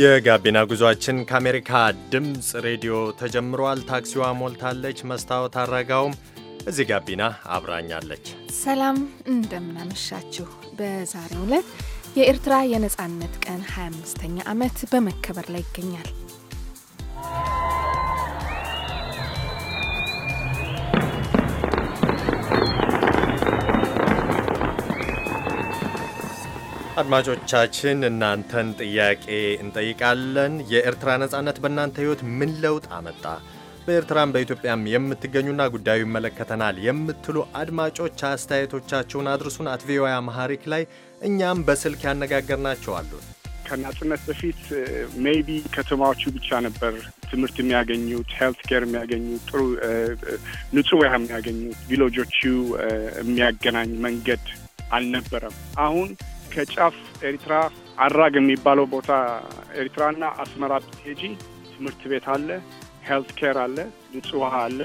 የጋቢና ጉዟችን ከአሜሪካ ድምፅ ሬዲዮ ተጀምሯል። ታክሲዋ ሞልታለች። መስታወት አረጋውም እዚህ ጋቢና አብራኛለች። ሰላም እንደምናመሻችሁ። በዛሬው ዕለት የኤርትራ የነፃነት ቀን 25ኛ ዓመት በመከበር ላይ ይገኛል። አድማጮቻችን እናንተን ጥያቄ እንጠይቃለን። የኤርትራ ነጻነት በእናንተ ህይወት ምን ለውጥ አመጣ? በኤርትራም በኢትዮጵያም የምትገኙና ጉዳዩ ይመለከተናል የምትሉ አድማጮች አስተያየቶቻቸውን አድርሱን። አት ቪኦኤ አማሃሪክ ላይ እኛም በስልክ ያነጋገርናቸው አሉ። ከናጽነት በፊት ሜይቢ ከተማዎቹ ብቻ ነበር ትምህርት የሚያገኙት፣ ሄልት ኬር የሚያገኙት፣ ጥሩ ንጹህ ውሃ የሚያገኙት፣ ቪሎጆቹ የሚያገናኝ መንገድ አልነበረም። አሁን ከጫፍ ኤሪትራ አራግ የሚባለው ቦታ ኤሪትራና አስመራ ብትሄጂ ትምህርት ቤት አለ፣ ሄልት ኬር አለ፣ ንጹህ ውሃ አለ።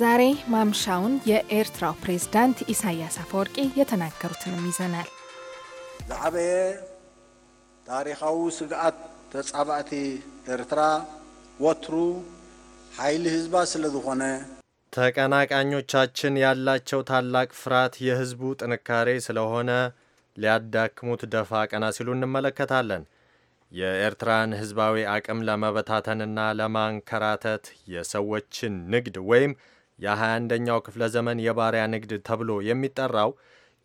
ዛሬ ማምሻውን የኤርትራው ፕሬዝዳንት ኢሳያስ አፈወርቂ የተናገሩትንም ይዘናል። ዝዓበየ ታሪካዊ ስግኣት ተጻባእቲ ኤርትራ ወትሩ ኃይሊ ህዝባ ስለ ዝኾነ ተቀናቃኞቻችን ያላቸው ታላቅ ፍርሃት የህዝቡ ጥንካሬ ስለሆነ ሊያዳክሙት ደፋ ቀና ሲሉ እንመለከታለን። የኤርትራን ህዝባዊ አቅም ለመበታተንና ለማንከራተት የሰዎችን ንግድ ወይም የ21ኛው ክፍለ ዘመን የባሪያ ንግድ ተብሎ የሚጠራው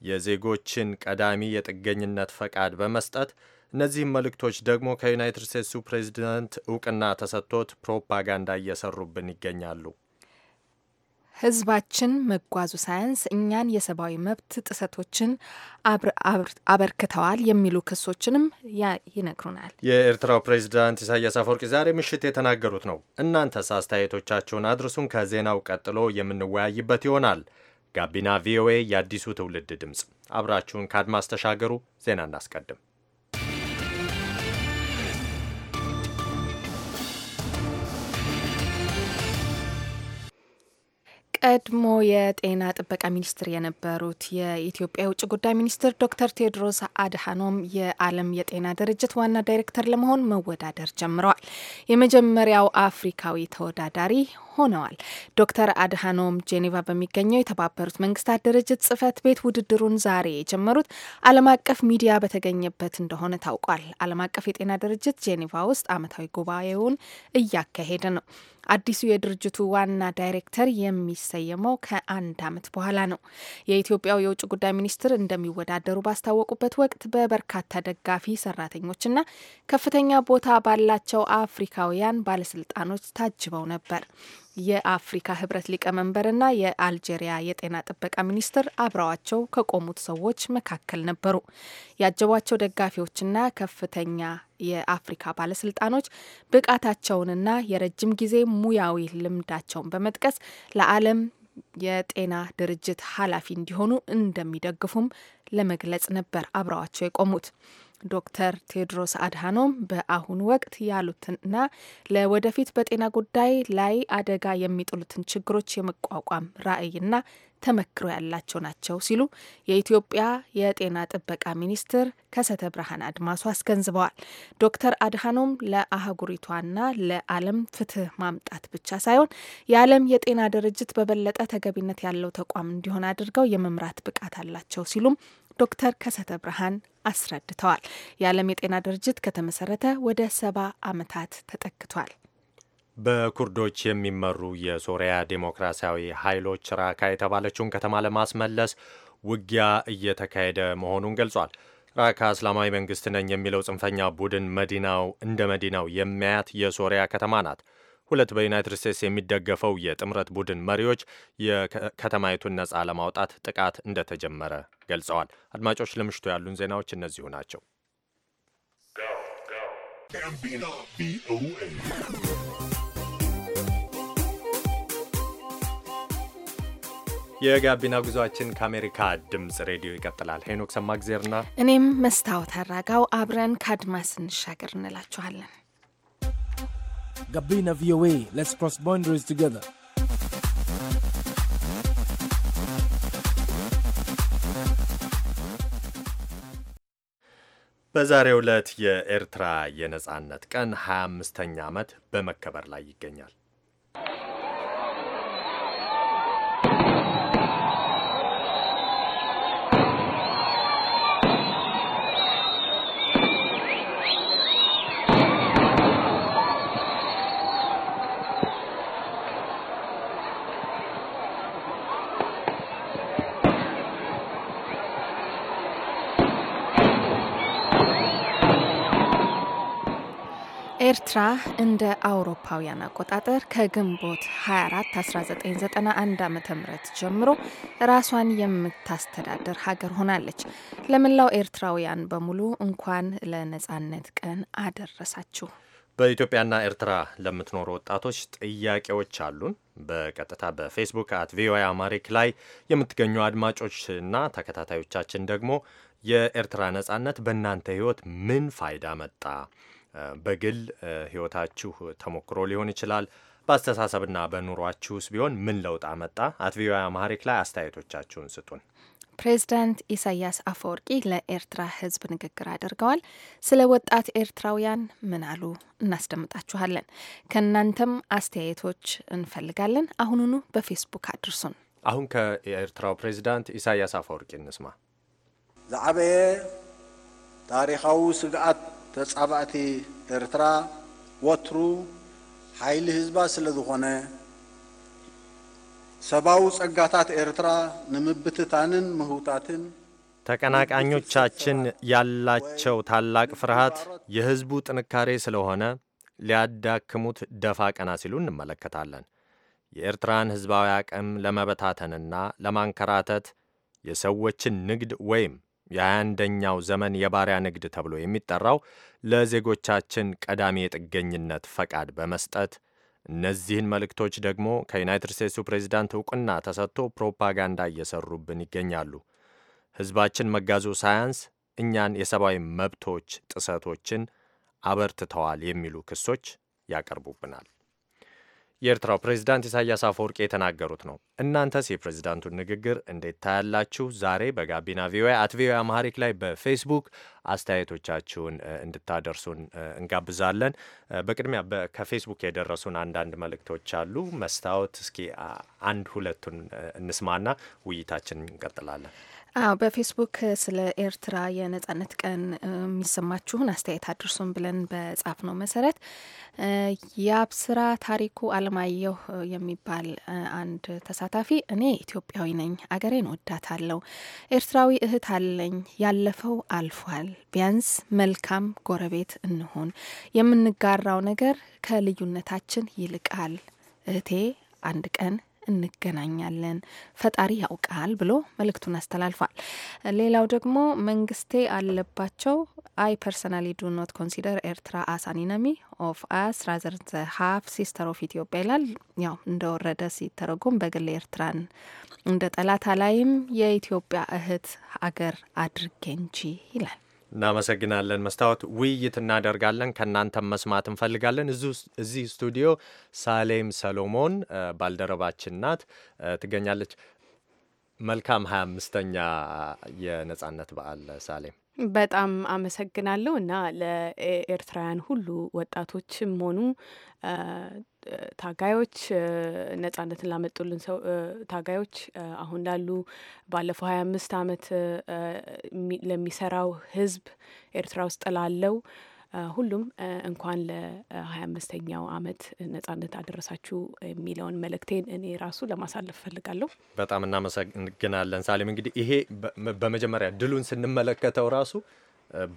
የዜጎችን ቀዳሚ የጥገኝነት ፈቃድ በመስጠት እነዚህም መልእክቶች ደግሞ ከዩናይትድ ስቴትሱ ፕሬዚዳንት እውቅና ተሰጥቶት ፕሮፓጋንዳ እየሰሩብን ይገኛሉ። ህዝባችን መጓዙ ሳያንስ እኛን የሰብአዊ መብት ጥሰቶችን አበርክተዋል የሚሉ ክሶችንም ይነግሩናል። የኤርትራው ፕሬዚዳንት ኢሳያስ አፈወርቂ ዛሬ ምሽት የተናገሩት ነው። እናንተስ አስተያየቶቻችሁን አድርሱን። ከዜናው ቀጥሎ የምንወያይበት ይሆናል። ጋቢና ቪኦኤ፣ የአዲሱ ትውልድ ድምፅ። አብራችሁን ከአድማስ ተሻገሩ። ዜና እናስቀድም። ቀድሞ የጤና ጥበቃ ሚኒስትር የነበሩት የኢትዮጵያ የውጭ ጉዳይ ሚኒስትር ዶክተር ቴድሮስ አድሃኖም የዓለም የጤና ድርጅት ዋና ዳይሬክተር ለመሆን መወዳደር ጀምረዋል። የመጀመሪያው አፍሪካዊ ተወዳዳሪ ሆነዋል። ዶክተር አድሃኖም ጄኔቫ በሚገኘው የተባበሩት መንግስታት ድርጅት ጽህፈት ቤት ውድድሩን ዛሬ የጀመሩት ዓለም አቀፍ ሚዲያ በተገኘበት እንደሆነ ታውቋል። ዓለም አቀፍ የጤና ድርጅት ጄኔቫ ውስጥ ዓመታዊ ጉባኤውን እያካሄደ ነው። አዲሱ የድርጅቱ ዋና ዳይሬክተር የሚሰየመው ከአንድ ዓመት በኋላ ነው። የኢትዮጵያው የውጭ ጉዳይ ሚኒስትር እንደሚወዳደሩ ባስታወቁበት ወቅት በበርካታ ደጋፊ ሰራተኞችና ከፍተኛ ቦታ ባላቸው አፍሪካውያን ባለስልጣኖች ታጅበው ነበር። የአፍሪካ ህብረት ሊቀመንበርና የአልጄሪያ የጤና ጥበቃ ሚኒስትር አብረዋቸው ከቆሙት ሰዎች መካከል ነበሩ። ያጀቧቸው ደጋፊዎችና ከፍተኛ የአፍሪካ ባለስልጣኖች ብቃታቸውንና የረጅም ጊዜ ሙያዊ ልምዳቸውን በመጥቀስ ለዓለም የጤና ድርጅት ኃላፊ እንዲሆኑ እንደሚደግፉም ለመግለጽ ነበር አብረዋቸው የቆሙት። ዶክተር ቴድሮስ አድሃኖም በአሁኑ ወቅት ያሉትንና ለወደፊት በጤና ጉዳይ ላይ አደጋ የሚጥሉትን ችግሮች የመቋቋም ራዕይና ተመክሮ ያላቸው ናቸው ሲሉ የኢትዮጵያ የጤና ጥበቃ ሚኒስትር ከሰተ ብርሃን አድማሱ አስገንዝበዋል። ዶክተር አድሃኖም ለአህጉሪቷና ለዓለም ፍትህ ማምጣት ብቻ ሳይሆን የዓለም የጤና ድርጅት በበለጠ ተገቢነት ያለው ተቋም እንዲሆን አድርገው የመምራት ብቃት አላቸው ሲሉም ዶክተር ከሰተ ብርሃን አስረድተዋል። የዓለም የጤና ድርጅት ከተመሰረተ ወደ ሰባ ዓመታት ተጠክቷል። በኩርዶች የሚመሩ የሶሪያ ዴሞክራሲያዊ ኃይሎች ራካ የተባለችውን ከተማ ለማስመለስ ውጊያ እየተካሄደ መሆኑን ገልጿል። ራካ እስላማዊ መንግስት ነኝ የሚለው ጽንፈኛ ቡድን መዲናው እንደ መዲናው የሚያያት የሶሪያ ከተማ ናት። ሁለት በዩናይትድ ስቴትስ የሚደገፈው የጥምረት ቡድን መሪዎች የከተማይቱን ነጻ ለማውጣት ጥቃት እንደተጀመረ ገልጸዋል። አድማጮች፣ ለምሽቱ ያሉን ዜናዎች እነዚሁ ናቸው። የጋቢና ጉዟችን ከአሜሪካ ድምፅ ሬዲዮ ይቀጥላል። ሄኖክ ሰማግዜርና እኔም መስታወት አራጋው አብረን ከአድማስ እንሻገር እንላችኋለን። Gabina VOA. Let's cross boundaries together. በዛሬው ዕለት የኤርትራ የነጻነት ቀን 25ኛ ዓመት በመከበር ላይ ይገኛል። ኤርትራ እንደ አውሮፓውያን አቆጣጠር ከግንቦት 24 1991 ዓ ም ጀምሮ ራሷን የምታስተዳድር ሀገር ሆናለች። ለመላው ኤርትራውያን በሙሉ እንኳን ለነጻነት ቀን አደረሳችሁ። በኢትዮጵያና ኤርትራ ለምትኖሩ ወጣቶች ጥያቄዎች አሉን። በቀጥታ በፌስቡክ አት ቪኦኤ አማሪክ ላይ የምትገኙ አድማጮችና ተከታታዮቻችን ደግሞ የኤርትራ ነጻነት በእናንተ ህይወት ምን ፋይዳ መጣ በግል ህይወታችሁ ተሞክሮ ሊሆን ይችላል። በአስተሳሰብና በኑሯችሁስ ቢሆን ምን ለውጥ አመጣ? አት ማሪክ አማሪክ ላይ አስተያየቶቻችሁን ስጡን። ፕሬዚዳንት ኢሳያስ አፈወርቂ ለኤርትራ ህዝብ ንግግር አድርገዋል። ስለ ወጣት ኤርትራውያን ምን አሉ? እናስደምጣችኋለን። ከእናንተም አስተያየቶች እንፈልጋለን። አሁኑኑ በፌስቡክ አድርሱን። አሁን ከኤርትራው ፕሬዚዳንት ኢሳያስ አፈወርቂ እንስማ። ዝዓበየ ታሪካዊ ስግዓት ተጻባእቲ ኤርትራ ወትሩ ሓይሊ ህዝባ ስለ ዝኾነ ሰብአዊ ጸጋታት ኤርትራ ንምብትታንን ምህውታትን ተቀናቃኞቻችን ያላቸው ታላቅ ፍርሃት የህዝቡ ጥንካሬ ስለሆነ ሊያዳክሙት ደፋ ቀና ሲሉ እንመለከታለን። የኤርትራን ሕዝባዊ አቅም ለመበታተንና ለማንከራተት የሰዎችን ንግድ ወይም የአንደኛው ዘመን የባሪያ ንግድ ተብሎ የሚጠራው ለዜጎቻችን ቀዳሚ የጥገኝነት ፈቃድ በመስጠት እነዚህን መልእክቶች ደግሞ ከዩናይትድ ስቴትሱ ፕሬዚዳንት እውቅና ተሰጥቶ ፕሮፓጋንዳ እየሰሩብን ይገኛሉ። ሕዝባችን መጋዙ ሳያንስ እኛን የሰብአዊ መብቶች ጥሰቶችን አበርትተዋል የሚሉ ክሶች ያቀርቡብናል። የኤርትራው ፕሬዚዳንት ኢሳያስ አፈወርቅ የተናገሩት ነው። እናንተስ የፕሬዚዳንቱን ንግግር እንዴት ታያላችሁ? ዛሬ በጋቢና ቪኦኤ አት ቪኦኤ አማሪክ ላይ በፌስቡክ አስተያየቶቻችሁን እንድታደርሱን እንጋብዛለን። በቅድሚያ ከፌስቡክ የደረሱን አንዳንድ መልእክቶች አሉ። መስታወት፣ እስኪ አንድ ሁለቱን እንስማና ውይይታችን እንቀጥላለን። አዎ በፌስቡክ ስለ ኤርትራ የነጻነት ቀን የሚሰማችሁን አስተያየት አድርሱን ብለን በጻፍ ነው መሰረት የአብስራ ታሪኩ አለማየሁ የሚባል አንድ ተሳታፊ እኔ ኢትዮጵያዊ ነኝ፣ አገሬን ወዳታለሁ፣ ኤርትራዊ እህት አለኝ፣ ያለፈው አልፏል፣ ቢያንስ መልካም ጎረቤት እንሆን፣ የምንጋራው ነገር ከልዩነታችን ይልቃል፣ እህቴ አንድ ቀን እንገናኛለን፣ ፈጣሪ ያውቃል ብሎ መልእክቱን አስተላልፏል። ሌላው ደግሞ መንግስቴ አለባቸው አይ ፐርሰናሊ ዱ ኖት ኮንሲደር ኤርትራ አሳኒነሚ ኦፍ አስ ራዘር ዘ ሀፍ ሲስተር ኦፍ ኢትዮጵያ ይላል። ያው እንደወረደ ሲተረጎም በግል ኤርትራን እንደ ጠላት ላይም የኢትዮጵያ እህት አገር አድርጌ እንጂ ይላል። እናመሰግናለን መስታወት። ውይይት እናደርጋለን፣ ከእናንተም መስማት እንፈልጋለን። እዚህ ስቱዲዮ ሳሌም ሰሎሞን ባልደረባችን ናት ትገኛለች። መልካም ሀያ አምስተኛ የነጻነት በዓል ሳሌም። በጣም አመሰግናለሁ እና ለኤርትራውያን ሁሉ ወጣቶችም ሆኑ ታጋዮች ነጻነትን ላመጡልን ሰው ታጋዮች አሁን ላሉ ባለፈው ሀያ አምስት አመት ለሚሰራው ህዝብ ኤርትራ ውስጥ ላለው ሁሉም እንኳን ለሀያ አምስተኛው አመት ነጻነት አደረሳችሁ የሚለውን መልእክቴን እኔ ራሱ ለማሳለፍ ፈልጋለሁ። በጣም እናመሰግናለን ሳሌም። እንግዲህ ይሄ በመጀመሪያ ድሉን ስንመለከተው ራሱ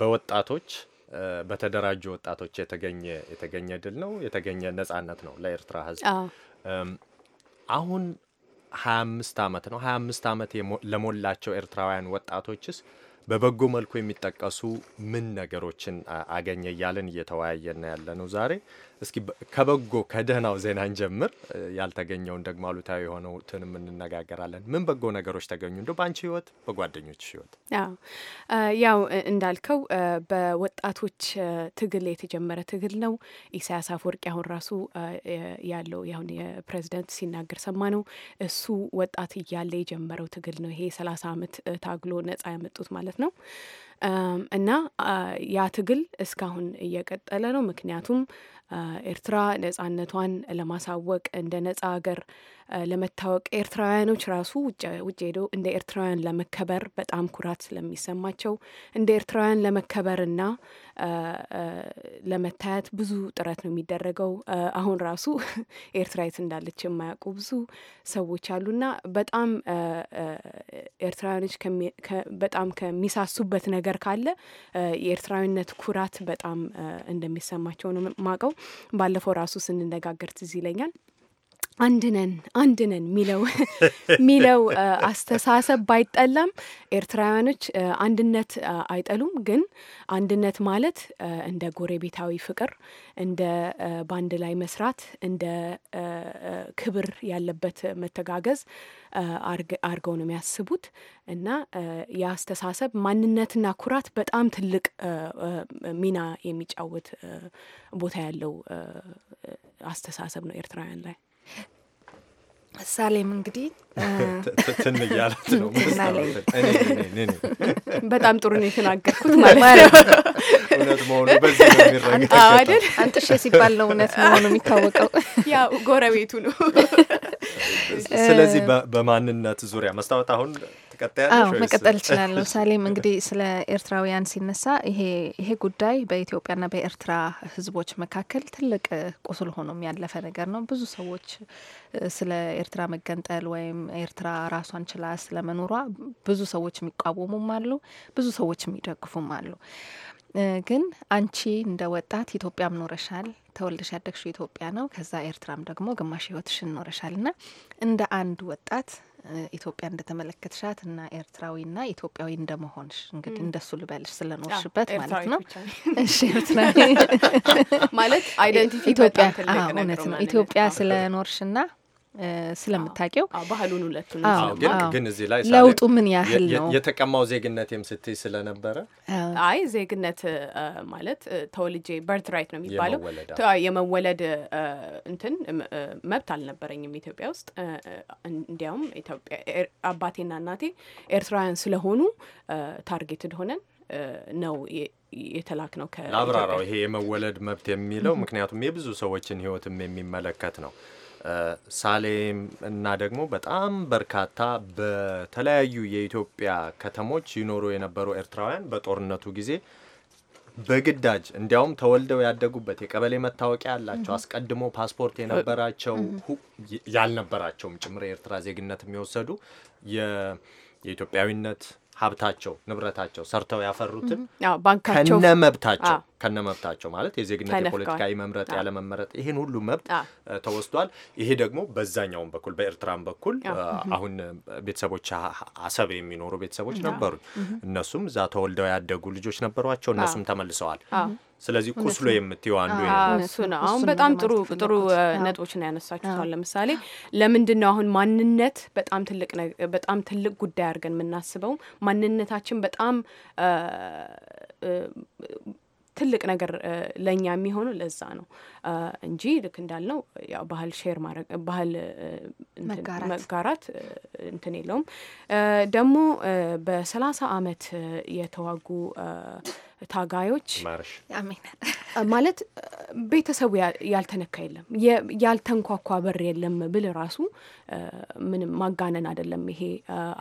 በወጣቶች በተደራጁ ወጣቶች የተገኘ የተገኘ ድል ነው፣ የተገኘ ነጻነት ነው ለኤርትራ ህዝብ። አሁን ሀያ አምስት አመት ነው። ሀያ አምስት አመት ለሞላቸው ኤርትራውያን ወጣቶችስ በበጎ መልኩ የሚጠቀሱ ምን ነገሮችን አገኘ እያለን እየተወያየን ያለ ነው ዛሬ። እስኪ ከበጎ ከደህናው ዜና እንጀምር። ያልተገኘውን ደግሞ አሉታዊ የሆነውትንም እንነጋገራለን። ምን በጎ ነገሮች ተገኙ እንደው በአንቺ ህይወት፣ በጓደኞች ህይወት? ያው እንዳልከው በወጣቶች ትግል የተጀመረ ትግል ነው። ኢሳያስ አፈወርቂ አሁን ራሱ ያለው ያሁን የፕሬዚደንት ሲናገር ሰማ ነው። እሱ ወጣት እያለ የጀመረው ትግል ነው ይሄ ሰላሳ አመት ታግሎ ነጻ ያመጡት ማለት ነው። እና ያ ትግል እስካሁን እየቀጠለ ነው። ምክንያቱም ኤርትራ ነጻነቷን ለማሳወቅ እንደ ነጻ ሀገር ለመታወቅ ኤርትራውያኖች ራሱ ውጭ ሄዶ እንደ ኤርትራውያን ለመከበር በጣም ኩራት ስለሚሰማቸው እንደ ኤርትራውያን ለመከበርና ለመታየት ብዙ ጥረት ነው የሚደረገው። አሁን ራሱ ኤርትራ የት እንዳለች የማያውቁ ብዙ ሰዎች አሉና በጣም ኤርትራውያኖች በጣም ከሚሳሱበት ነገር ካለ የኤርትራዊነት ኩራት በጣም እንደሚሰማቸው ነው ማቀው። ባለፈው ራሱ ስንነጋገር ትዝ ይለኛል። አንድነን አንድነን ሚለው ሚለው አስተሳሰብ ባይጠላም ኤርትራውያኖች አንድነት አይጠሉም። ግን አንድነት ማለት እንደ ጎረቤታዊ ፍቅር፣ እንደ ባንድ ላይ መስራት፣ እንደ ክብር ያለበት መተጋገዝ አድርገው ነው የሚያስቡት እና የአስተሳሰብ ማንነትና ኩራት በጣም ትልቅ ሚና የሚጫወት ቦታ ያለው አስተሳሰብ ነው ኤርትራውያን ላይ። ሳሌም እንግዲህ ትን እያለት ነው። በጣም ጥሩ ነው የተናገርኩት ማለት ነው። እውነት መሆኑ በዚህ ነው አንጥሼ ሲባል ነው እውነት መሆኑ የሚታወቀው፣ ያው ጎረቤቱ ነው። ስለዚህ በማንነት ዙሪያ መስታወት አሁን መቀጠል እችላለሁ። ሳሌም እንግዲህ ስለ ኤርትራውያን ሲነሳ ይሄ ይሄ ጉዳይ በኢትዮጵያና በኤርትራ ህዝቦች መካከል ትልቅ ቁስል ሆኖም ያለፈ ነገር ነው። ብዙ ሰዎች ስለ ኤርትራ መገንጠል ወይም ኤርትራ ራሷን ችላ ስለመኖሯ ብዙ ሰዎች የሚቃወሙም አሉ፣ ብዙ ሰዎች የሚደግፉም አሉ። ግን አንቺ እንደ ወጣት ኢትዮጵያም ኖረሻል። ተወልደሽ ያደግሽው ኢትዮጵያ ነው። ከዛ ኤርትራም ደግሞ ግማሽ ህይወትሽን ኖረሻል እና እንደ አንድ ወጣት ኢትዮጵያ እንደተመለከትሻት እና ኤርትራዊና ኢትዮጵያዊ እንደመሆንሽ እንግዲህ እንደሱ ልበልሽ ስለኖርሽበት ማለት ነው። እሺ ኤርትራዊ ማለት ኢትዮጵያ እውነት ነው ኢትዮጵያ ስለኖርሽና ስለምታውቂው ባህሉን ሁለቱን ግን እዚህ ላይ ለውጡ ምን ያህል ነው? የተቀማው ዜግነት ስትይ ስለነበረ አይ ዜግነት ማለት ተወልጄ በርት ራይት ነው የሚባለው የመወለድ እንትን መብት አልነበረኝም ኢትዮጵያ ውስጥ። እንዲያውም ኢትዮጵያ አባቴና እናቴ ኤርትራውያን ስለሆኑ ታርጌትድ ሆነን ነው የተላክ ነው። ከአብራራው ይሄ የመወለድ መብት የሚለው ምክንያቱም የብዙ ሰዎችን ህይወትም የሚመለከት ነው። ሳሌም እና ደግሞ በጣም በርካታ በተለያዩ የኢትዮጵያ ከተሞች ይኖሩ የነበሩ ኤርትራውያን በጦርነቱ ጊዜ በግዳጅ እንዲያውም ተወልደው ያደጉበት የቀበሌ መታወቂያ ያላቸው አስቀድሞ ፓስፖርት የነበራቸው ያልነበራቸውም ጭምር የኤርትራ ዜግነት የሚወሰዱ የኢትዮጵያዊነት ሀብታቸው ንብረታቸው ሰርተው ያፈሩትን ከነ መብታቸው ከነ መብታቸው ማለት የዜግነት የፖለቲካዊ መምረጥ ያለመመረጥ ይህን ሁሉ መብት ተወስዷል። ይሄ ደግሞ በዛኛውም በኩል በኤርትራም በኩል አሁን ቤተሰቦች አሰብ የሚኖሩ ቤተሰቦች ነበሩ። እነሱም እዛ ተወልደው ያደጉ ልጆች ነበሯቸው። እነሱም ተመልሰዋል። ስለዚህ ቁስሎ የምትየው አንዱ እሱ ነው። አሁን በጣም ጥሩ ጥሩ ነጥቦችን ያነሳችኋል። ለምሳሌ ለምንድን ነው አሁን ማንነት በጣም ትልቅ በጣም ትልቅ ጉዳይ አድርገን የምናስበው? ማንነታችን በጣም ትልቅ ነገር ለእኛ የሚሆኑ ለዛ ነው እንጂ ልክ እንዳልነው ያው ባህል ሼር ማድረግ ባህል መጋራት እንትን የለውም። ደግሞ በሰላሳ አመት የተዋጉ ታጋዮች ማለት ቤተሰቡ ያልተነካ የለም፣ ያልተንኳኳ በር የለም ብል ራሱ ምንም ማጋነን አይደለም። ይሄ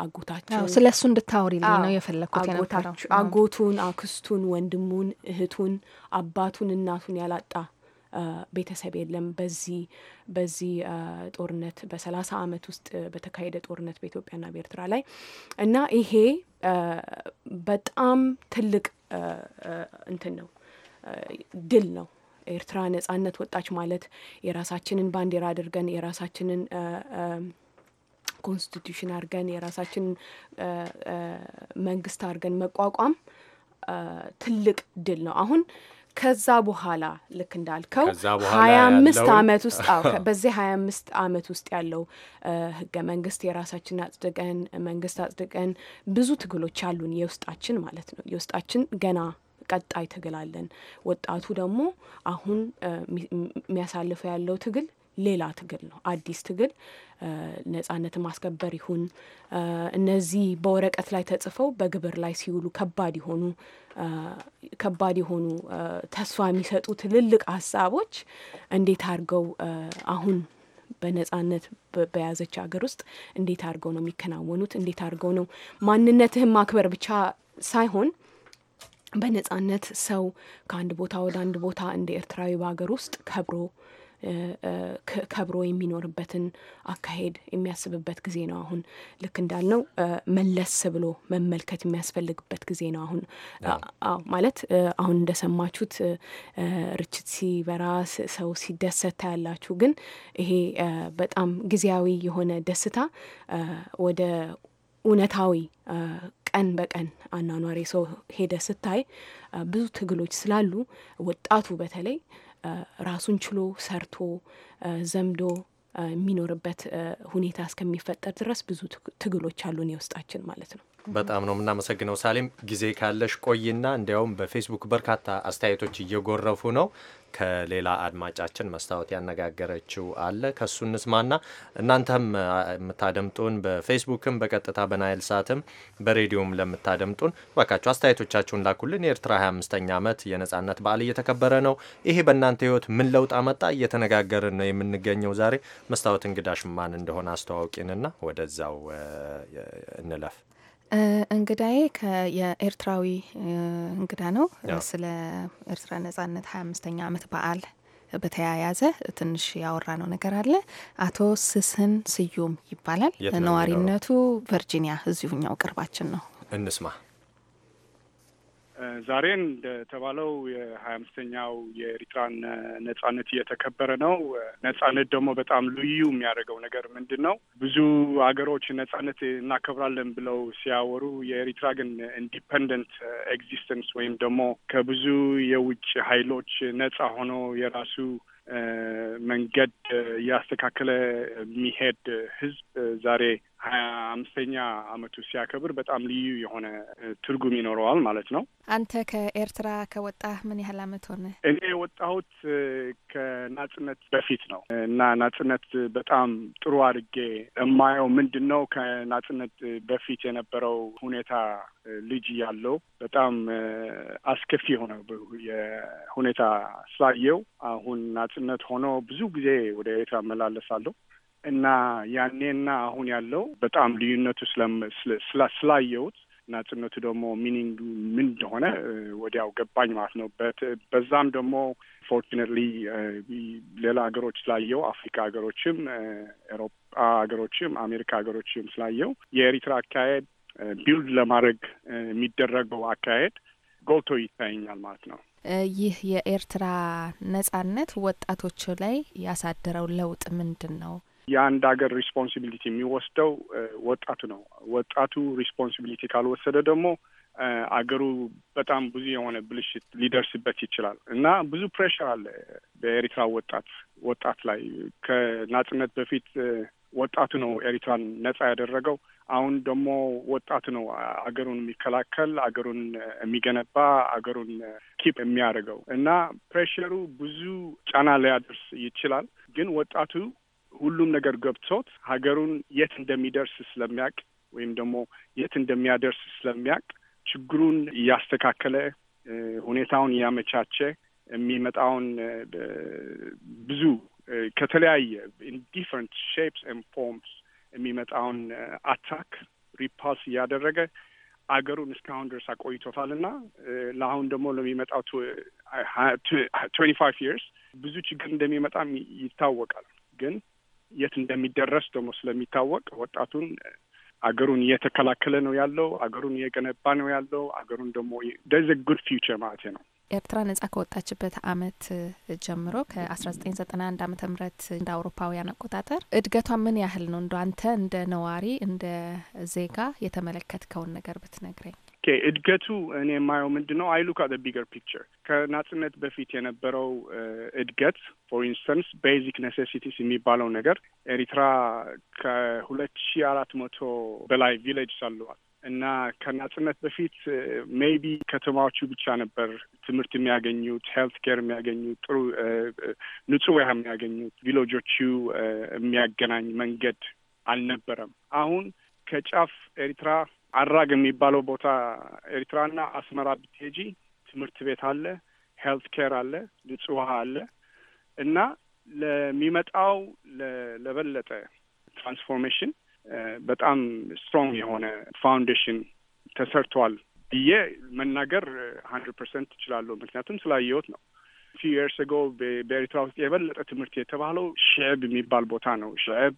አጎታቸው ስለ እሱ እንድታወሪልኝ ነው የፈለግኩት። አጎቱን፣ አክስቱን፣ ወንድሙን፣ እህቱን፣ አባቱን፣ እናቱን ያላጣ ቤተሰብ የለም። በዚህ በዚህ ጦርነት በሰላሳ አመት ውስጥ በተካሄደ ጦርነት በኢትዮጵያና በኤርትራ ላይ እና ይሄ በጣም ትልቅ እንትን ነው ድል ነው። ኤርትራ ነጻነት ወጣች ማለት የራሳችንን ባንዲራ አድርገን የራሳችንን ኮንስቲቱሽን አድርገን የራሳችንን መንግስት አድርገን መቋቋም ትልቅ ድል ነው። አሁን ከዛ በኋላ ልክ እንዳልከው ሀያ አምስት አመት ውስጥ በዚህ ሀያ አምስት አመት ውስጥ ያለው ህገ መንግስት የራሳችን አጽድቀን መንግስት አጽድቀን ብዙ ትግሎች አሉን የውስጣችን ማለት ነው። የውስጣችን ገና ቀጣይ ትግል አለን። ወጣቱ ደግሞ አሁን የሚያሳልፈው ያለው ትግል ሌላ ትግል ነው፣ አዲስ ትግል ነጻነት ማስከበር ይሁን እነዚህ በወረቀት ላይ ተጽፈው በግብር ላይ ሲውሉ ከባድ የሆኑ ከባድ የሆኑ ተስፋ የሚሰጡ ትልልቅ ሀሳቦች እንዴት አድርገው አሁን በነጻነት በያዘች ሀገር ውስጥ እንዴት አድርገው ነው የሚከናወኑት? እንዴት አድርገው ነው ማንነትህን ማክበር ብቻ ሳይሆን በነጻነት ሰው ከአንድ ቦታ ወደ አንድ ቦታ እንደ ኤርትራዊ በሀገር ውስጥ ከብሮ ከብሮ የሚኖርበትን አካሄድ የሚያስብበት ጊዜ ነው። አሁን ልክ እንዳልነው መለስ ብሎ መመልከት የሚያስፈልግበት ጊዜ ነው። አሁን ማለት አሁን እንደሰማችሁት ርችት ሲበራ ሰው ሲደሰት ታያላችሁ። ግን ይሄ በጣም ጊዜያዊ የሆነ ደስታ ወደ እውነታዊ ቀን በቀን አኗኗሪ ሰው ሄደ ስታይ ብዙ ትግሎች ስላሉ ወጣቱ በተለይ ራሱን ችሎ ሰርቶ ዘምዶ የሚኖርበት ሁኔታ እስከሚፈጠር ድረስ ብዙ ትግሎች አሉን የውስጣችን ማለት ነው። በጣም ነው የምናመሰግነው ሳሌም። ጊዜ ካለሽ ቆይና እንዲያውም በፌስቡክ በርካታ አስተያየቶች እየጎረፉ ነው። ከሌላ አድማጫችን መስታወት ያነጋገረችው አለ ከሱ እንስማና እናንተም የምታደምጡን በፌስቡክም በቀጥታ በናይል ሳትም በሬዲዮም ለምታደምጡን ባካችሁ አስተያየቶቻችሁን ላኩልን። የኤርትራ 25ኛ ዓመት የነጻነት በዓል እየተከበረ ነው። ይሄ በእናንተ ህይወት ምን ለውጥ አመጣ? እየተነጋገርን ነው የምንገኘው ዛሬ። መስታወት እንግዳሽ ማን እንደሆነ አስተዋውቂንና ወደዛው እንለፍ። እንግዳዬ የኤርትራዊ እንግዳ ነው። ስለ ኤርትራ ነጻነት ሀያ አምስተኛ ዓመት በዓል በተያያዘ ትንሽ ያወራ ነው ነገር አለ። አቶ ስስን ስዩም ይባላል። ነዋሪነቱ ቨርጂኒያ፣ እዚሁኛው ቅርባችን ነው። እንስማ። ዛሬ እንደተባለው የሀያ አምስተኛው የኤርትራን ነጻነት እየተከበረ ነው። ነጻነት ደግሞ በጣም ልዩ የሚያደርገው ነገር ምንድን ነው? ብዙ ሀገሮች ነጻነት እናከብራለን ብለው ሲያወሩ የኤርትራ ግን ኢንዲፐንደንት ኤግዚስተንስ ወይም ደግሞ ከብዙ የውጭ ኃይሎች ነጻ ሆኖ የራሱ መንገድ እያስተካከለ የሚሄድ ህዝብ ዛሬ ሀያ አምስተኛ አመቱ ሲያከብር በጣም ልዩ የሆነ ትርጉም ይኖረዋል ማለት ነው። አንተ ከኤርትራ ከወጣህ ምን ያህል አመት ሆነ? እኔ የወጣሁት ከናጽነት በፊት ነው እና ናጽነት በጣም ጥሩ አድርጌ የማየው ምንድን ነው ከናጽነት በፊት የነበረው ሁኔታ ልጅ ያለው በጣም አስከፊ የሆነ ሁኔታ ስላየው አሁን ናጽነት ሆኖ ብዙ ጊዜ ወደ ኤርትራ እመላለሳለሁ። እና ያኔና አሁን ያለው በጣም ልዩነቱ ስላየሁት እና ጽነቱ ደግሞ ሚኒንግ ምን እንደሆነ ወዲያው ገባኝ ማለት ነው። በዛም ደግሞ ፎርቹኔትሊ ሌላ ሀገሮች ስላየው አፍሪካ ሀገሮችም፣ ኤሮፓ ሀገሮችም፣ አሜሪካ ሀገሮችም ስላየው የኤሪትራ አካሄድ ቢልድ ለማድረግ የሚደረገው አካሄድ ጎልቶ ይታየኛል ማለት ነው። ይህ የኤርትራ ነጻነት ወጣቶች ላይ ያሳደረው ለውጥ ምንድን ነው? የአንድ ሀገር ሪስፖንሲቢሊቲ የሚወስደው ወጣቱ ነው። ወጣቱ ሪስፖንሲቢሊቲ ካልወሰደ ደግሞ አገሩ በጣም ብዙ የሆነ ብልሽት ሊደርስበት ይችላል እና ብዙ ፕሬሽር አለ በኤሪትራ ወጣት ወጣት ላይ ከናጽነት በፊት ወጣቱ ነው ኤሪትራን ነጻ ያደረገው። አሁን ደግሞ ወጣቱ ነው አገሩን የሚከላከል አገሩን የሚገነባ አገሩን ኪፕ የሚያደርገው እና ፕሬሽሩ ብዙ ጫና ሊያደርስ ይችላል። ግን ወጣቱ ሁሉም ነገር ገብቶት ሀገሩን የት እንደሚደርስ ስለሚያውቅ ወይም ደግሞ የት እንደሚያደርስ ስለሚያውቅ ችግሩን እያስተካከለ ሁኔታውን እያመቻቸ የሚመጣውን ብዙ ከተለያየ ኢን ዲፍረንት ሼፕስ ኤንድ ፎርምስ የሚመጣውን አታክ ሪፓልስ እያደረገ አገሩን እስካሁን ድረስ አቆይቶታል እና ለአሁን ደግሞ ለሚመጣው ትዌንቲ ፋይቭ ይርስ ብዙ ችግር እንደሚመጣም ይታወቃል። ግን የት እንደሚደረስ ደግሞ ስለሚታወቅ ወጣቱን አገሩን እየተከላከለ ነው ያለው፣ አገሩን እየገነባ ነው ያለው። አገሩን ደግሞ ደዝ ጉድ ፊውቸር ማለት ነው። ኤርትራ ነጻ ከወጣችበት አመት ጀምሮ ከ1991 አመተ ምህረት እንደ አውሮፓውያን አቆጣጠር እድገቷ ምን ያህል ነው? እንደ አንተ እንደ ነዋሪ እንደ ዜጋ የተመለከትከውን ነገር ብትነግረኝ። እድገቱ እኔ የማየው ምንድን ነው? አይ ሉክ ቢገር ፒክቸር ከናጽነት በፊት የነበረው እድገት ፎር ኢንስተንስ ቤዚክ ኔሴሲቲስ የሚባለው ነገር ኤሪትራ ከሁለት ሺ አራት መቶ በላይ ቪሌጅ አለዋል እና ከናጽነት በፊት ሜይቢ ከተማዎቹ ብቻ ነበር ትምህርት የሚያገኙት፣ ሄልት ኬር የሚያገኙት፣ ጥሩ ንጹህ ውሃ የሚያገኙት፣ ቪሌጆቹ የሚያገናኝ መንገድ አልነበረም። አሁን ከጫፍ ኤሪትራ አድራግ የሚባለው ቦታ ኤርትራና አስመራ ብትሄጂ ትምህርት ቤት አለ፣ ሄልት ኬር አለ፣ ንጹህ ውሃ አለ እና ለሚመጣው ለበለጠ ትራንስፎርሜሽን በጣም ስትሮንግ የሆነ ፋውንዴሽን ተሰርቷል ብዬ መናገር ሀንድርድ ፐርሰንት እችላለሁ። ምክንያቱም ስላየሁት ነው። ፊው የርስ ጎ በኤርትራ ውስጥ የበለጠ ትምህርት የተባለው ሽዕብ የሚባል ቦታ ነው። ሽዕብ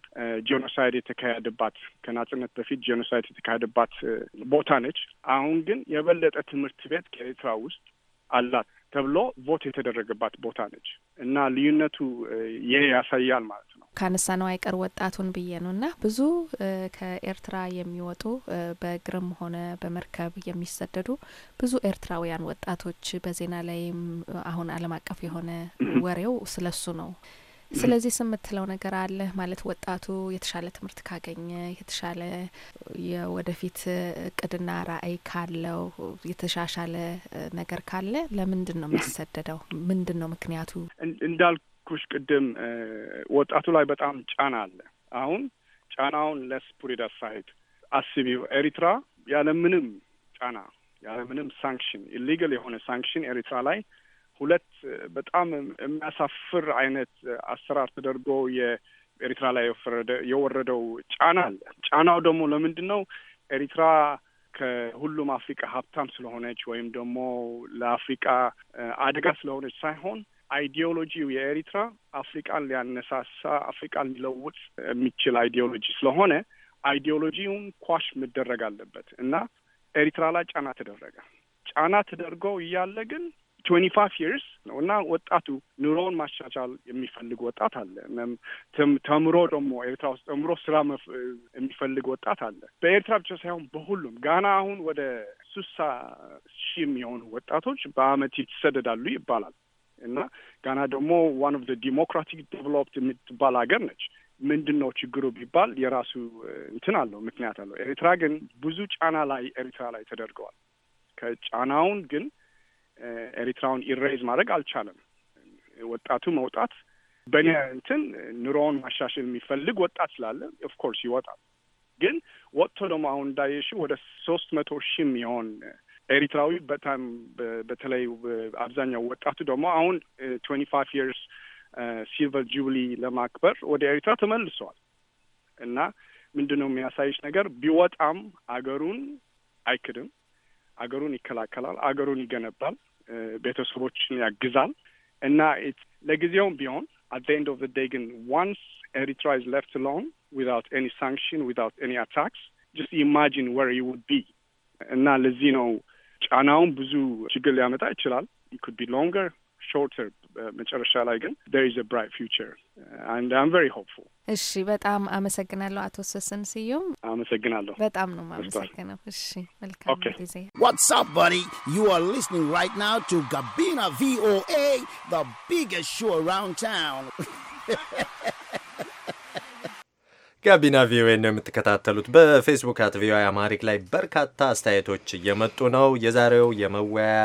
ጄኖሳይድ uh, የተካሄደባት ከናጽነት በፊት ጄኖሳይድ የተካሄደባት uh, ቦታ ነች። አሁን ግን የበለጠ ትምህርት ቤት ከኤርትራ ውስጥ አላት። ተብሎ ቮት የተደረገባት ቦታ ነች እና ልዩነቱ ይሄ ያሳያል ማለት ነው። ካነሳ ነው አይቀር ወጣቱን ብዬ ነው እና ብዙ ከኤርትራ የሚወጡ በእግርም ሆነ በመርከብ የሚሰደዱ ብዙ ኤርትራውያን ወጣቶች በዜና ላይም አሁን ዓለም አቀፍ የሆነ ወሬው ስለሱ ነው። ስለዚህ ስም የምትለው ነገር አለ ማለት ወጣቱ የተሻለ ትምህርት ካገኘ የተሻለ የወደፊት እቅድና ራዕይ ካለው የተሻሻለ ነገር ካለ ለምንድን ነው የሚሰደደው? ምንድን ነው ምክንያቱ? እንዳልኩሽ ቅድም ወጣቱ ላይ በጣም ጫና አለ። አሁን ጫናውን ለስፑሪዳ ሳይድ አስቢው። ኤሪትራ ያለምንም ጫና ያለምንም ሳንክሽን ኢሊጋል የሆነ ሳንክሽን ኤሪትራ ላይ ሁለት በጣም የሚያሳፍር አይነት አሰራር ተደርጎ የኤሪትራ ላይ የወረደው ጫና አለ። ጫናው ደግሞ ለምንድን ነው? ኤሪትራ ከሁሉም አፍሪካ ሀብታም ስለሆነች ወይም ደግሞ ለአፍሪካ አደጋ ስለሆነች ሳይሆን አይዲዮሎጂው የኤሪትራ አፍሪቃን ሊያነሳሳ አፍሪቃን ሊለውጥ የሚችል አይዲዮሎጂ ስለሆነ አይዲዮሎጂውን ኳሽ መደረግ አለበት እና ኤሪትራ ላይ ጫና ተደረገ። ጫና ተደርጎ እያለ ግን ትዌንቲ ፋይቭ ይርስ ነው እና ወጣቱ ኑሮውን ማሻቻል የሚፈልግ ወጣት አለ። ተምሮ ደግሞ ኤርትራ ውስጥ ተምሮ ስራ የሚፈልግ ወጣት አለ። በኤርትራ ብቻ ሳይሆን በሁሉም ጋና አሁን ወደ ሱሳ ሺህ የሚሆኑ ወጣቶች በአመት ይሰደዳሉ ይባላል እና ጋና ደግሞ ዋን ኦፍ ዲሞክራቲክ ዴቨሎፕድ የምትባል ሀገር ነች። ምንድን ነው ችግሩ ቢባል የራሱ እንትን አለው ምክንያት አለው። ኤርትራ ግን ብዙ ጫና ላይ ኤርትራ ላይ ተደርገዋል። ከጫናውን ግን ኤሪትራውን ኢሬዝ ማድረግ አልቻለም። ወጣቱ መውጣት በእኔ እንትን ኑሮውን ማሻሽል የሚፈልግ ወጣት ስላለ ኦፍኮርስ ይወጣል። ግን ወጥቶ ደግሞ አሁን እንዳየሽ ወደ ሶስት መቶ ሺህ የሚሆን ኤሪትራዊ በጣም በተለይ አብዛኛው ወጣቱ ደግሞ አሁን ትዌንቲ ፋይቭ ይርስ ሲልቨር ጁብሊ ለማክበር ወደ ኤሪትራ ተመልሰዋል እና ምንድን ነው የሚያሳይሽ ነገር ቢወጣም አገሩን አይክድም፣ አገሩን ይከላከላል፣ አገሩን ይገነባል። ቤተሰቦችን ያግዛል እና ለጊዜውም ቢሆን አት ዘ ኤንድ ኦፍ ዘ ዴይ ግን ዋንስ ኤሪትራ ኢዝ ሌፍት ሎን ዊዛውት ኤኒ ሳንክሽን ዊዛውት ኤኒ አታክስ ጀስት ኢማጂን ወር ዩ ውድ ቢ እና ለዚህ ነው ጫናውን ብዙ ችግር ሊያመጣ ይችላል ኢኩድ ቢ ሎንገር ሾርተር መጨረሻ ላይ ግን ዴር ኢዝ ብራይት ፊውቸር አንድ አም ቨሪ ሆፕፉል። እሺ፣ በጣም አመሰግናለሁ አቶ ስስን ስዩም። አመሰግናለሁ። በጣም ነው አመሰግነው። እሺ፣ መልካም ጊዜ። ዋትስ አፕ ባዲ ዩ አር ሊስኒንግ ራይት ናው ቱ ጋቢና ቪኦኤ ዘ ቢገስት ሾው አራውንድ ታውን ጋቢና ቪኦኤ ነው የምትከታተሉት። በፌስቡክ አት ቪኦኤ አማሪክ ላይ በርካታ አስተያየቶች እየመጡ ነው። የዛሬው የመወያያ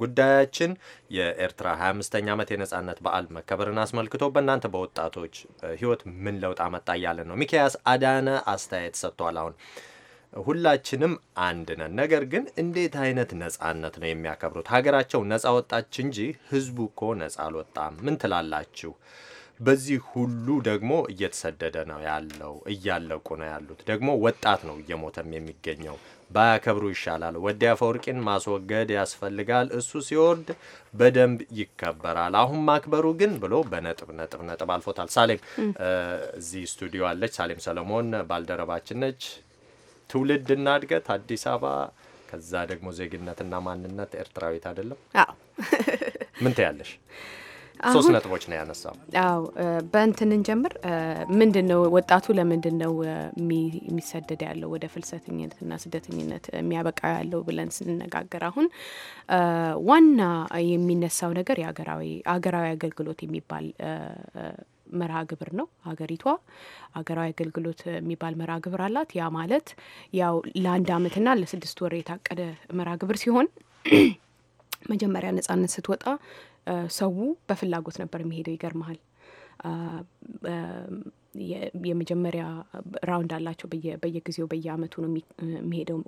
ጉዳያችን የኤርትራ 25ኛ ዓመት የነጻነት በዓል መከበርን አስመልክቶ በእናንተ በወጣቶች ህይወት ምን ለውጥ አመጣ እያለ ነው። ሚኪያስ አዳነ አስተያየት ሰጥቷል። አሁን ሁላችንም አንድ ነን፣ ነገር ግን እንዴት አይነት ነጻነት ነው የሚያከብሩት? ሀገራቸው ነጻ ወጣች እንጂ ህዝቡ እኮ ነጻ አልወጣም። ምን ትላላችሁ? በዚህ ሁሉ ደግሞ እየተሰደደ ነው ያለው፣ እያለቁ ነው ያሉት። ደግሞ ወጣት ነው እየሞተም የሚገኘው። ባያከብሩ ይሻላል። ወዲያ አፈወርቂን ማስወገድ ያስፈልጋል። እሱ ሲወርድ በደንብ ይከበራል። አሁን ማክበሩ ግን ብሎ በነጥብ ነጥብ ነጥብ አልፎታል። ሳሌም እዚህ ስቱዲዮ አለች። ሳሌም ሰለሞን ባልደረባችን ነች። ትውልድ እና እድገት አዲስ አበባ፣ ከዛ ደግሞ ዜግነትና ማንነት ኤርትራዊት አይደለም። ምን ትያለሽ? ሶስት ነጥቦች ነው ያነሳው። አዎ በእንትን እንጀምር። ምንድን ነው ወጣቱ ለምንድን ነው የሚሰደድ ያለው ወደ ፍልሰተኝነትና ስደተኝነት የሚያበቃ ያለው ብለን ስንነጋገር አሁን ዋና የሚነሳው ነገር የአገራዊ አገራዊ አገልግሎት የሚባል መርሃ ግብር ነው። ሀገሪቷ ሀገራዊ አገልግሎት የሚባል መርሃ ግብር አላት። ያ ማለት ያው ለአንድ አመትና ለስድስት ወር የታቀደ መርሃ ግብር ሲሆን መጀመሪያ ነጻነት ስትወጣ ሰው በፍላጎት ነበር የሚሄደው። ይገርመሃል የመጀመሪያ ራውንድ አላቸው። በየጊዜው በየአመቱ ነው የሚሄደው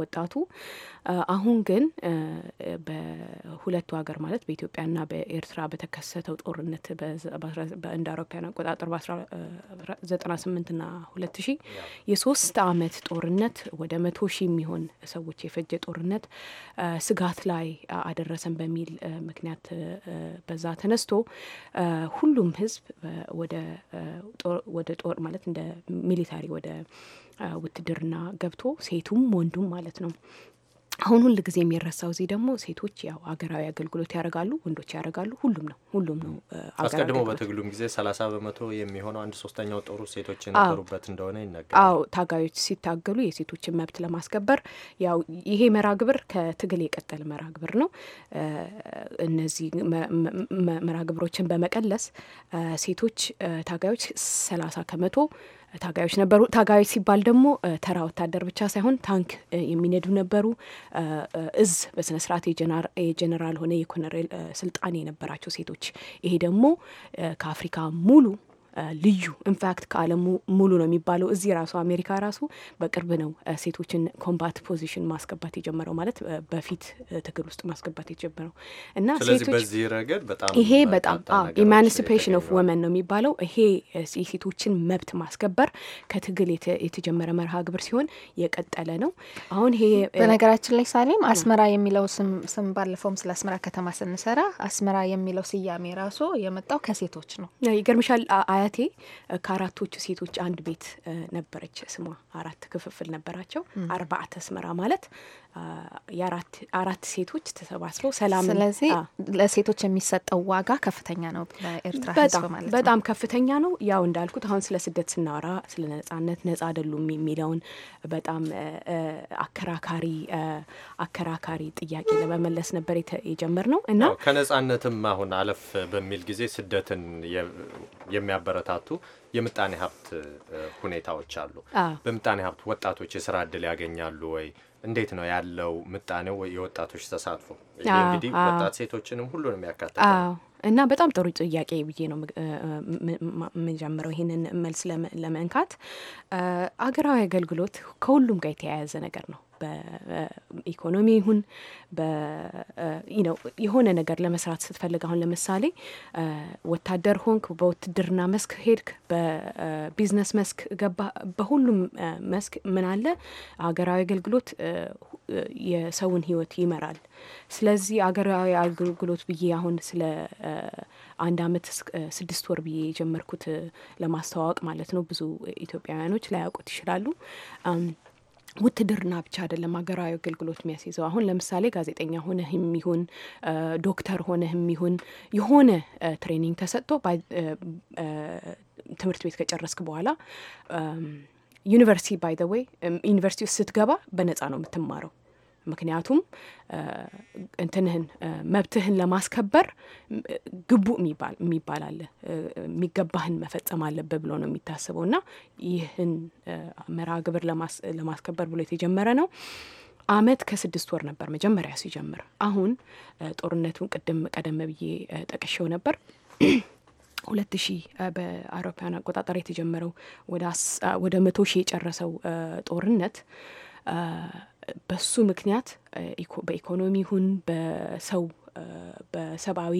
ወጣቱ። አሁን ግን በሁለቱ ሀገር ማለት በኢትዮጵያና በኤርትራ በተከሰተው ጦርነት እንደ አውሮፓውያን አቆጣጠር በ1998 ና ሺ የሶስት አመት ጦርነት ወደ መቶ ሺ የሚሆን ሰዎች የፈጀ ጦርነት ስጋት ላይ አደረሰን በሚል ምክንያት በዛ ተነስቶ ሁሉም ህዝብ ወደ ወደ ጦር ማለት እንደ ሚሊታሪ ወደ ውትድርና ገብቶ ሴቱም ወንዱም ማለት ነው አሁን ሁል ጊዜ የሚረሳው እዚህ ደግሞ ሴቶች ያው አገራዊ አገልግሎት ያደርጋሉ፣ ወንዶች ያደርጋሉ። ሁሉም ነው ሁሉም ነው። አስቀድሞ በትግሉም ጊዜ ሰላሳ በመቶ የሚሆነው አንድ ሶስተኛው ጦሩ ሴቶች የነበሩበት እንደሆነ ይነገራል። አዎ ታጋዮች ሲታገሉ የሴቶችን መብት ለማስከበር ያው ይሄ መራግብር ከትግል የቀጠለ መራግብር ነው። እነዚህ መራግብሮችን በመቀለስ ሴቶች ታጋዮች ሰላሳ ከመቶ ታጋዮች ነበሩ። ታጋዮች ሲባል ደግሞ ተራ ወታደር ብቻ ሳይሆን ታንክ የሚነዱ ነበሩ። እዝ በስነ ስርዓት የጀነራል ሆነ የኮነሬል ስልጣን የነበራቸው ሴቶች። ይሄ ደግሞ ከአፍሪካ ሙሉ ልዩ ኢንፋክት ከዓለም ሙሉ ነው የሚባለው። እዚህ ራሱ አሜሪካ ራሱ በቅርብ ነው ሴቶችን ኮምባት ፖዚሽን ማስገባት የጀመረው ማለት በፊት ትግል ውስጥ ማስገባት የጀመረው እና ይሄ በጣም ኢማንሲፔሽን ኦፍ ወመን ነው የሚባለው። ይሄ የሴቶችን መብት ማስከበር ከትግል የተጀመረ መርሃ ግብር ሲሆን የቀጠለ ነው። አሁን ይሄ በነገራችን ላይ ሳሌም አስመራ የሚለው ስም ባለፈውም ስለ አስመራ ከተማ ስንሰራ አስመራ የሚለው ስያሜ ራሱ የመጣው ከሴቶች ነው። ይገርምሻል አያቴ ከአራቶቹ ሴቶች አንድ ቤት ነበረች። ስሟ አራት ክፍፍል ነበራቸው። አርባዕተ አስመራ ማለት የአራት ሴቶች ተሰባስበው ሰላም። ስለዚህ ለሴቶች የሚሰጠው ዋጋ ከፍተኛ ነው፣ ለኤርትራ ህዝብ ማለት ነው። በጣም ከፍተኛ ነው። ያው እንዳልኩት አሁን ስለ ስደት ስናወራ ስለ ነጻነት ነጻ አይደሉም የሚለውን በጣም አከራካሪ አከራካሪ ጥያቄ ለመመለስ ነበር የጀመር ነው እና ከነጻነትም አሁን አለፍ በሚል ጊዜ ስደትን የሚያበረታቱ የምጣኔ ሀብት ሁኔታዎች አሉ። በምጣኔ ሀብት ወጣቶች የስራ እድል ያገኛሉ ወይ? እንዴት ነው ያለው ምጣኔው የወጣቶች ተሳትፎ? ይሄ እንግዲህ ወጣት ሴቶችንም ሁሉንም ያካትታል። እና በጣም ጥሩ ጥያቄ ብዬ ነው የምንጀምረው ይህንን መልስ ለመንካት። አገራዊ አገልግሎት ከሁሉም ጋር የተያያዘ ነገር ነው። በኢኮኖሚ ይሁን ነው የሆነ ነገር ለመስራት ስትፈልግ አሁን ለምሳሌ ወታደር ሆንክ፣ በውትድርና መስክ ሄድክ፣ በቢዝነስ መስክ ገባ፣ በሁሉም መስክ ምን አለ አገራዊ አገልግሎት የሰውን ህይወት ይመራል። ስለዚህ አገራዊ አገልግሎት ብዬ አሁን ስለ አንድ አመት ስድስት ወር ብዬ የጀመርኩት ለማስተዋወቅ ማለት ነው። ብዙ ኢትዮጵያውያኖች ላያውቁት ይችላሉ። ውትድርና ብቻ አይደለም ሀገራዊ አገልግሎት የሚያስይዘው። አሁን ለምሳሌ ጋዜጠኛ ሆነህ የሚሆን ዶክተር ሆነህ የሚሆን የሆነ ትሬኒንግ ተሰጥቶ ትምህርት ቤት ከጨረስክ በኋላ ዩኒቨርሲቲ ባይ ዘ ዩኒቨርሲቲ ውስጥ ስትገባ በነጻ ነው የምትማረው። ምክንያቱም እንትንህን መብትህን ለማስከበር ግቡ የሚባል አለ። የሚገባህን መፈጸም አለብህ ብሎ ነው የሚታስበው እና ይህን መርሃ ግብር ለማስከበር ብሎ የተጀመረ ነው። አመት ከስድስት ወር ነበር መጀመሪያ ሲጀምር። አሁን ጦርነቱን ቅድም ቀደም ብዬ ጠቅሼው ነበር። ሁለት ሺህ በአውሮፓውያን አቆጣጠር የተጀመረው ወደ መቶ ሺህ የጨረሰው ጦርነት በሱ ምክንያት በኢኮኖሚ ይሁን በሰው በሰብአዊ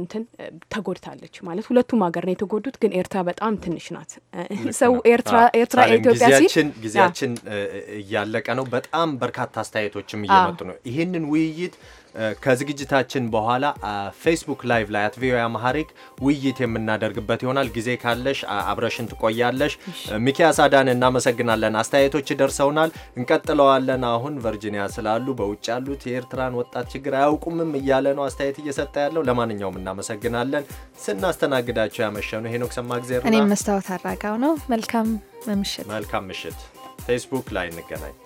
እንትን ተጎድታለች ማለት ሁለቱም ሀገር ነው የተጎዱት። ግን ኤርትራ በጣም ትንሽ ናት። ሰው ኤርትራ ኢትዮጵያ ሲል ጊዜያችን እያለቀ ነው። በጣም በርካታ አስተያየቶችም እየመጡ ነው። ይህንን ውይይት ከዝግጅታችን በኋላ ፌስቡክ ላይቭ ላይ አት ቪኦኤ አማሐሪክ ውይይት የምናደርግበት ይሆናል። ጊዜ ካለሽ አብረሽን ትቆያለሽ። ሚኪያስ አዳን እናመሰግናለን። አስተያየቶች ደርሰውናል፣ እንቀጥለዋለን። አሁን ቨርጂኒያ ስላሉ በውጭ ያሉት የኤርትራን ወጣት ችግር አያውቁምም እያለ ነው አስተያየት እየሰጠ ያለው። ለማንኛውም እናመሰግናለን። ስናስተናግዳቸው ነው ሄኖክ ሰማእግዜር፣ እኔም መስታወት አራጋው ነው። መልካም ምሽት። መልካም ምሽት። ፌስቡክ ላይ እንገናኝ።